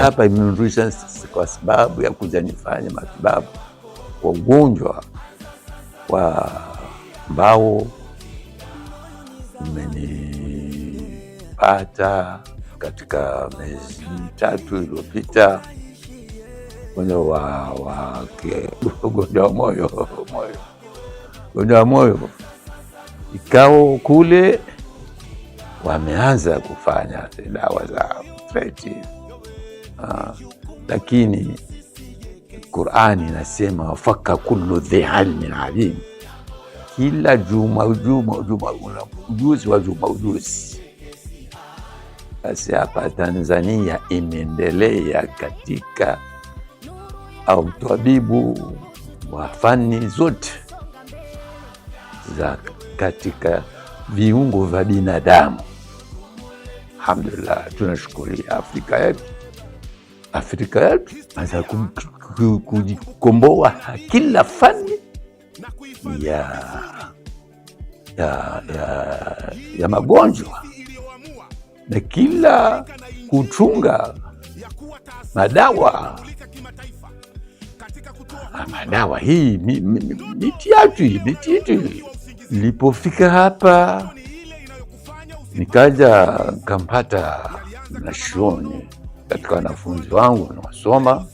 hapa, kwa sababu ya kuja nifanye matibabu kwa ugonjwa wa mbao umenipata katika miezi mitatu iliyopita, ugonjwa wa ugonjwa wa moyo moyo ugonjwa wa moyo ikao kule wameanza kufanya dawa za treti uh, ah, lakini Qurani inasema wafaka kullu dhi ilmin alim, kila juma juma juma ujuzi wa juma ujuzi. Basi hapa Tanzania imeendelea katika au tabibu wa fani zote za katika viungo vya binadamu. Alhamdulillah, tunashukuria Afrika yetu, Afrika yetu anza kujikomboa kila fani ya, ya, ya, ya magonjwa na kila kuchunga madawa madawa hii miti yetu miti yetu ilipofika hapa Nikaja kampata shuoni katika wanafunzi wangu nawasoma,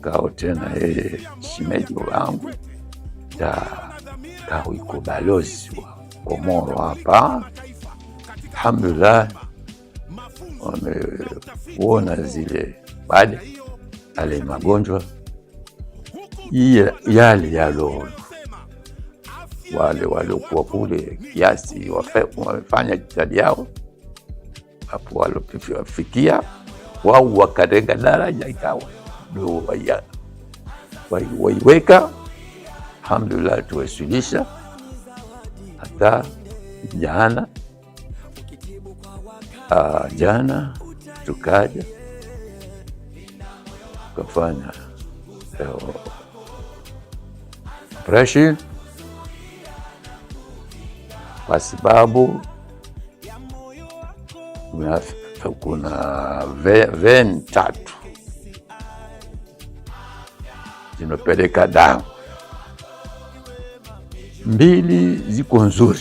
kao tena yeye shimeji wangu ta kawiko balozi wa Komoro hapa, alhamdulillah wamekuona zile bade ale magonjwa yale yalo wale waliokuwa kule kiasi wamefanya jitihadi yao, hapo walifikia wao wakarenga daraja, ikawa ndio waiweka. Alhamdulillah, tuwasilisha hata jana. Ah, jana tukaja tukafanya eh, operation kwa sababu kuna ven tatu zinopeleka damu, mbili ziko nzuri,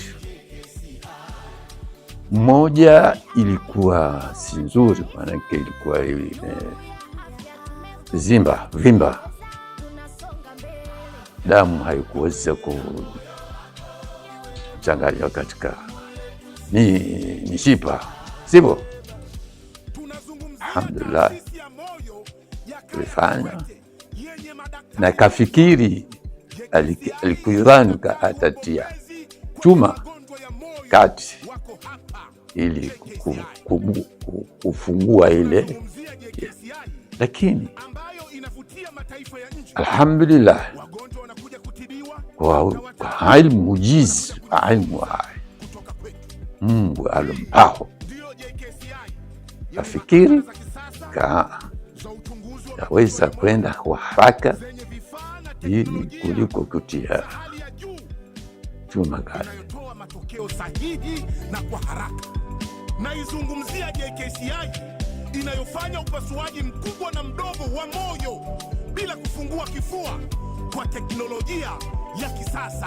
moja ilikuwa si nzuri, maanake ilikuwa zimba vimba, damu haikuweza ku kuchanganywa katika ni mishipa, sivyo? Alhamdulillah tulifanya na kafikiri, alikuirani atatia chuma kati ili kufungua ile yeah. Lakini alhamdulillah kwa ilmu ujizi wa Mungu alimpaho afikiri ka aweza kwenda kwa haraka ili kuliko kutia chuma gari naizungumzia JKCI inayofanya upasuaji mkubwa na mdogo wa moyo bila kufungua kifua kwa teknolojia ya kisasa.